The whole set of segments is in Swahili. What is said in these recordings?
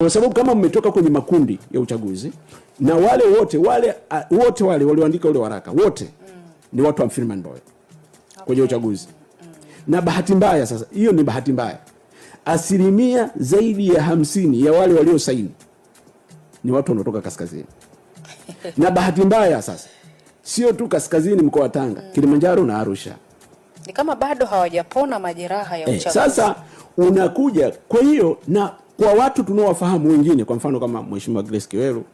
Kwa sababu kama mmetoka kwenye makundi ya uchaguzi na wale wote wale uh, wote wale walioandika ule waraka wote mm. ni watu wa Freeman Mbowe kwenye uchaguzi mm. na bahati mbaya sasa, hiyo ni bahati mbaya, asilimia zaidi ya hamsini ya wale waliosaini ni watu wanaotoka kaskazini na bahati mbaya sasa, sio tu kaskazini, mkoa wa Tanga mm. Kilimanjaro na Arusha ni kama bado hawajapona majeraha ya eh, uchaguzi eh, sasa unakuja kwa hiyo na kwa watu tunaowafahamu wengine, kwa mfano kama Mheshimiwa Grace Kiweru,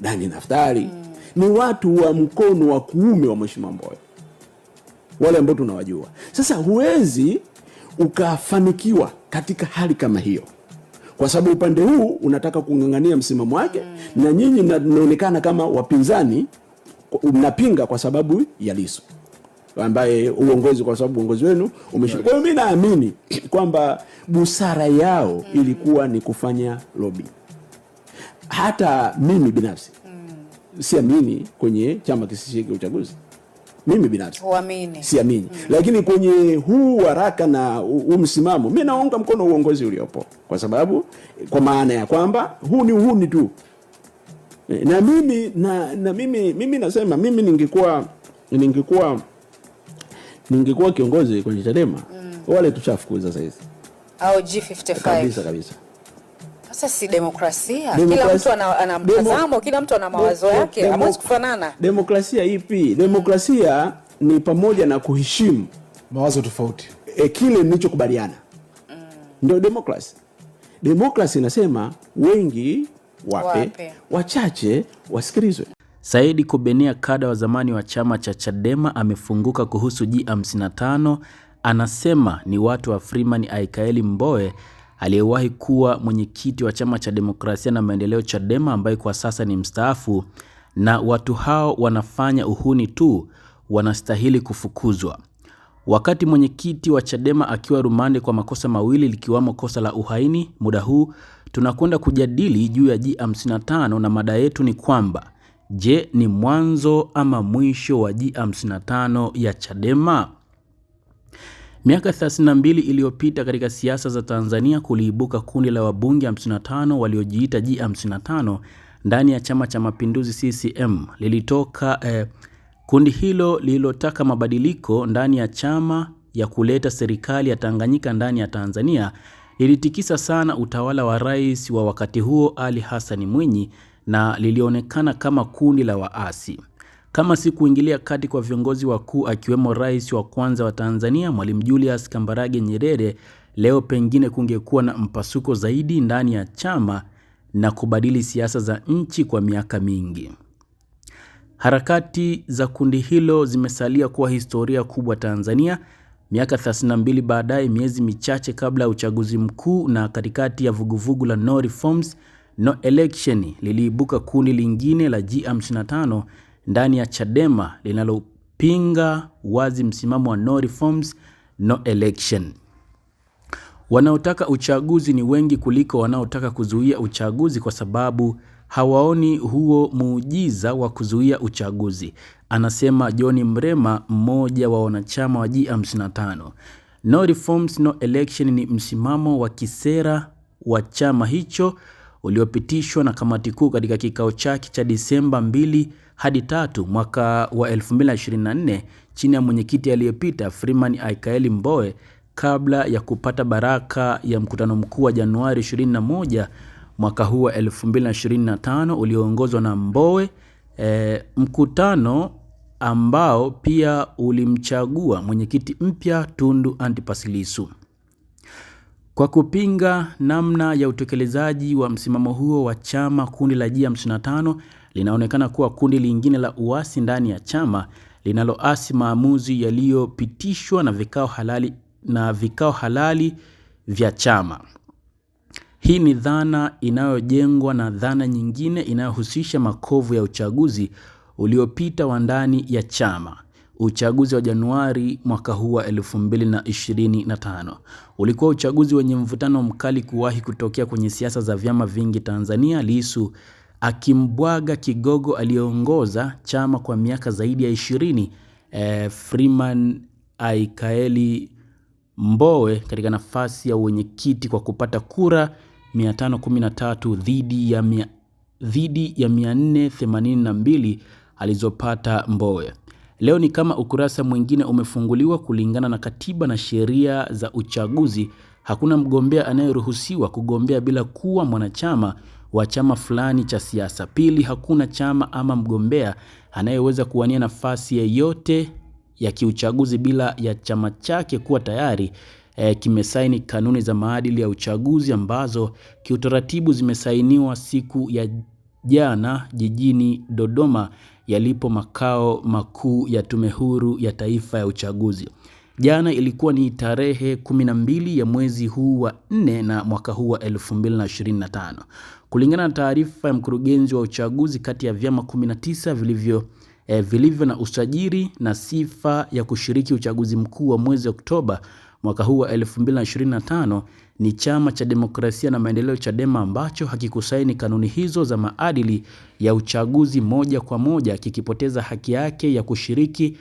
Dani Naftari mm. ni watu wa mkono wa kuume wa Mheshimiwa mboya wale ambao tunawajua. Sasa huwezi ukafanikiwa katika hali kama hiyo, kwa sababu upande huu unataka kung'ang'ania msimamo wake mm. na nyinyi mnaonekana kama wapinzani, mnapinga kwa sababu ya liso ambaye uongozi kwa sababu uongozi wenu umeshika. Kwa hiyo mimi naamini kwamba busara yao mm. ilikuwa ni kufanya lobby. Hata mimi binafsi mm. siamini kwenye chama kisishiriki uchaguzi, mimi binafsi siamini, mm. lakini kwenye huu waraka na huu msimamo mimi naunga mkono uongozi uliopo, kwa sababu kwa maana ya kwamba huu ni uhuni tu eh, na mimi na, na mimi, mimi nasema mimi ningekuwa ningekuwa ningekuwa kiongozi kwenye Chadema mm. wale tushafukuza saizi au G55 kabisa kabisa. Sasa si demokrasia, demokrasia. Kila mtu ana, ana mtazamo, kila mtu ana mawazo yake, hamwezi kufanana. Demokrasia ipi? Demokrasia ni pamoja na kuheshimu mawazo tofauti, e, kile mlichokubaliana mm. ndio demokrasia. Demokrasia inasema wengi wape, wape, wachache wasikilizwe. Saidi Kubenea, kada wa zamani wa chama cha Chadema, amefunguka kuhusu G55. Anasema ni watu wa Freeman Aikaeli Mbowe aliyewahi kuwa mwenyekiti wa chama cha demokrasia na maendeleo Chadema, ambaye kwa sasa ni mstaafu, na watu hao wanafanya uhuni tu, wanastahili kufukuzwa. Wakati mwenyekiti wa Chadema akiwa rumande kwa makosa mawili likiwamo kosa la uhaini, muda huu tunakwenda kujadili juu ya G55 na mada yetu ni kwamba Je, ni mwanzo ama mwisho wa G55 ya Chadema? Miaka 32 iliyopita katika siasa za Tanzania kuliibuka kundi la wabunge 55 waliojiita G55 ndani ya Chama cha Mapinduzi CCM. Lilitoka eh, kundi hilo lililotaka mabadiliko ndani ya chama ya kuleta serikali ya Tanganyika ndani ya Tanzania lilitikisa sana utawala wa rais wa wakati huo Ali Hassan Mwinyi na lilionekana kama kundi la waasi kama si kuingilia kati kwa viongozi wakuu akiwemo rais wa kwanza wa Tanzania Mwalimu Julius Kambarage Nyerere, leo pengine kungekuwa na mpasuko zaidi ndani ya chama na kubadili siasa za nchi kwa miaka mingi. Harakati za kundi hilo zimesalia kuwa historia kubwa Tanzania, miaka 32 baadaye, miezi michache kabla ya uchaguzi mkuu na katikati ya vuguvugu la no reforms no election liliibuka kundi lingine la G55 ndani ya Chadema linalopinga wazi msimamo wa no reforms no election. Wanaotaka uchaguzi ni wengi kuliko wanaotaka kuzuia uchaguzi kwa sababu hawaoni huo muujiza wa kuzuia uchaguzi, anasema John Mrema, mmoja wa wanachama wa G55. No reforms no election ni msimamo wa kisera wa chama hicho uliopitishwa na kamati kuu katika kikao chake cha Disemba 2 hadi tatu mwaka wa 2024 chini ya mwenyekiti aliyepita Freeman Aikaeli Mbowe kabla ya kupata baraka ya mkutano mkuu wa Januari 21 mwaka huu wa 2025 ulioongozwa na Mbowe. E, mkutano ambao pia ulimchagua mwenyekiti mpya Tundu Antipas Lissu. Kwa kupinga namna ya utekelezaji wa msimamo huo wa chama, kundi la G55 linaonekana kuwa kundi lingine la uasi ndani ya chama linaloasi maamuzi yaliyopitishwa na vikao halali, na vikao halali vya chama. Hii ni dhana inayojengwa na dhana nyingine inayohusisha makovu ya uchaguzi uliopita wa ndani ya chama. Uchaguzi wa Januari mwaka huu wa 2025 ulikuwa uchaguzi wenye mvutano mkali kuwahi kutokea kwenye siasa za vyama vingi Tanzania, Lissu akimbwaga kigogo aliyeongoza chama kwa miaka zaidi ya ishirini eh, Freeman Aikaeli Mbowe katika nafasi ya wenyekiti kwa kupata kura 513 dhidi ya mia, dhidi ya 482 alizopata Mbowe. Leo ni kama ukurasa mwingine umefunguliwa. Kulingana na katiba na sheria za uchaguzi, hakuna mgombea anayeruhusiwa kugombea bila kuwa mwanachama wa chama fulani cha siasa. Pili, hakuna chama ama mgombea anayeweza kuwania nafasi yeyote ya kiuchaguzi bila ya chama chake kuwa tayari e, kimesaini kanuni za maadili ya uchaguzi ambazo kiutaratibu zimesainiwa siku ya jana jijini Dodoma yalipo makao makuu ya Tume Huru ya Taifa ya Uchaguzi. Jana ilikuwa ni tarehe 12 ya mwezi huu wa 4 na mwaka huu wa 2025. Kulingana na taarifa ya mkurugenzi wa uchaguzi, kati ya vyama 19 vilivyo eh, vilivyo na usajili na sifa ya kushiriki uchaguzi mkuu wa mwezi Oktoba mwaka huu wa 2025 ni Chama cha Demokrasia na Maendeleo Chadema ambacho hakikusaini kanuni hizo za maadili ya uchaguzi moja kwa moja, kikipoteza haki yake ya kushiriki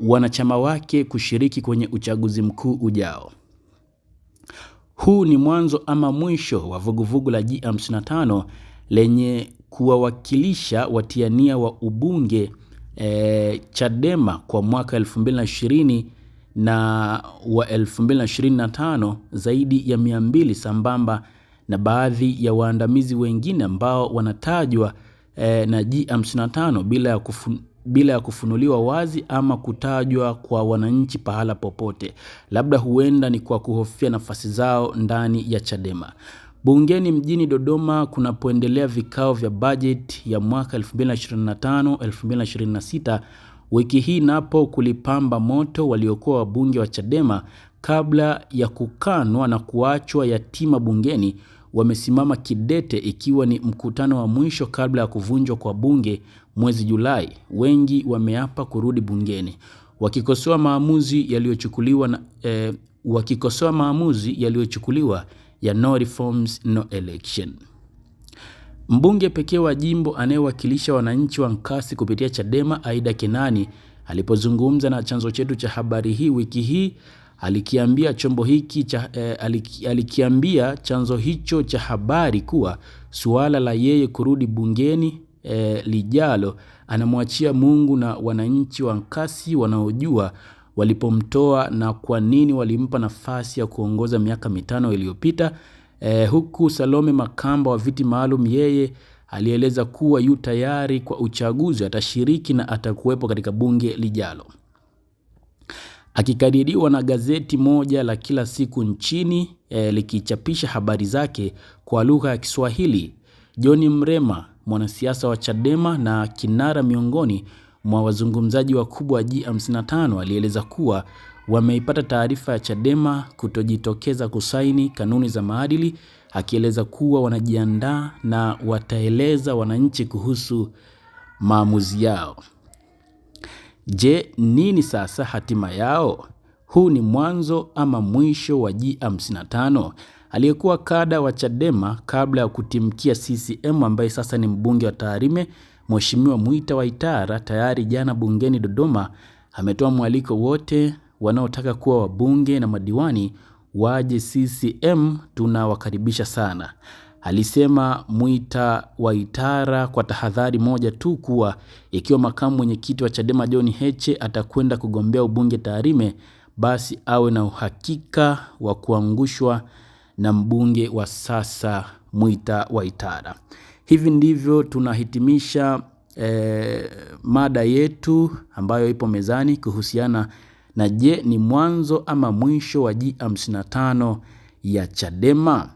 wanachama wake kushiriki kwenye uchaguzi mkuu ujao. Huu ni mwanzo ama mwisho wa vuguvugu la G55 lenye kuwawakilisha watiania wa ubunge e, Chadema kwa mwaka 2020 na wa 2025 zaidi ya 200 sambamba na baadhi ya waandamizi wengine ambao wanatajwa eh, na G55 bila ya kufu, bila ya kufunuliwa wazi ama kutajwa kwa wananchi pahala popote. Labda huenda ni kwa kuhofia nafasi zao ndani ya Chadema. Bungeni mjini Dodoma kunapoendelea vikao vya bajeti ya mwaka 2025 2026 Wiki hii napo kulipamba moto waliokuwa wabunge wa Chadema kabla ya kukanwa na kuachwa yatima bungeni wamesimama kidete ikiwa ni mkutano wa mwisho kabla ya kuvunjwa kwa bunge mwezi Julai. Wengi wameapa kurudi bungeni wakikosoa maamuzi yaliyochukuliwa na eh, wakikosoa maamuzi yaliyochukuliwa ya no reforms no election. Mbunge pekee wa jimbo anayewakilisha wananchi wa Nkasi kupitia Chadema, Aida Kenani, alipozungumza na chanzo chetu cha habari hii wiki hii alikiambia chombo hiki cha, eh, aliki, alikiambia chanzo hicho cha habari kuwa suala la yeye kurudi bungeni eh, lijalo anamwachia Mungu na wananchi wa Nkasi wanaojua walipomtoa na kwa nini walimpa nafasi ya kuongoza miaka mitano iliyopita E, huku Salome Makamba wa viti maalum yeye alieleza kuwa yu tayari kwa uchaguzi, atashiriki na atakuwepo katika bunge lijalo. Akikadiriwa na gazeti moja la kila siku nchini e, likichapisha habari zake kwa lugha ya Kiswahili, John Mrema, mwanasiasa wa Chadema na kinara miongoni mwa wazungumzaji wakubwa wa G55, alieleza kuwa wameipata taarifa ya Chadema kutojitokeza kusaini kanuni za maadili, akieleza kuwa wanajiandaa na wataeleza wananchi kuhusu maamuzi yao. Je, nini sasa hatima yao? Huu ni mwanzo ama mwisho wa G55? Aliyekuwa kada wa Chadema kabla ya kutimkia CCM, ambaye sasa ni mbunge wa Tarime, Mheshimiwa Mwita Waitara, tayari jana bungeni Dodoma, ametoa mwaliko wote wanaotaka kuwa wabunge na madiwani waje CCM, tunawakaribisha sana, alisema Mwita Waitara kwa tahadhari moja tu kuwa ikiwa makamu mwenyekiti wa Chadema John Heche atakwenda kugombea ubunge Tarime, basi awe na uhakika wa kuangushwa na mbunge wa sasa Mwita Waitara. Hivi ndivyo tunahitimisha eh, mada yetu ambayo ipo mezani kuhusiana na je, ni mwanzo ama mwisho wa G55 ya Chadema?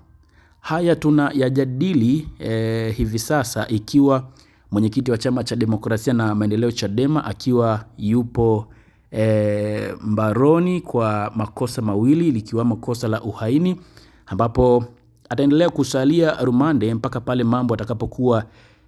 Haya yajadili e, eh, hivi sasa ikiwa mwenyekiti wa chama cha demokrasia na maendeleo Chadema akiwa yupo e, mbaroni kwa makosa mawili likiwamo kosa la uhaini ambapo ataendelea kusalia rumande mpaka pale mambo atakapokuwa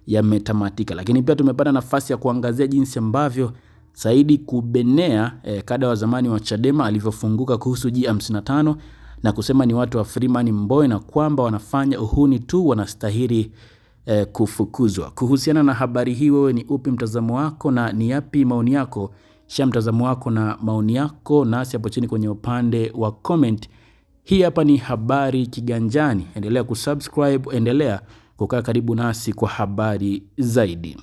yametamatika. Lakini pia tumepata nafasi ya kuangazia jinsi ambavyo Saidi Kubenea e, kada wa zamani wa Chadema alivyofunguka kuhusu G55 na kusema ni watu wa Freeman Mbowe na kwamba wanafanya uhuni tu wanastahili e, kufukuzwa. Kuhusiana na habari hii, wewe ni upi mtazamo wako na ni yapi maoni yako? Shia mtazamo wako na maoni yako nasi hapo chini kwenye upande wa comment. Hii hapa ni Habari Kiganjani. Endelea kusubscribe, endelea kukaa karibu nasi kwa habari zaidi.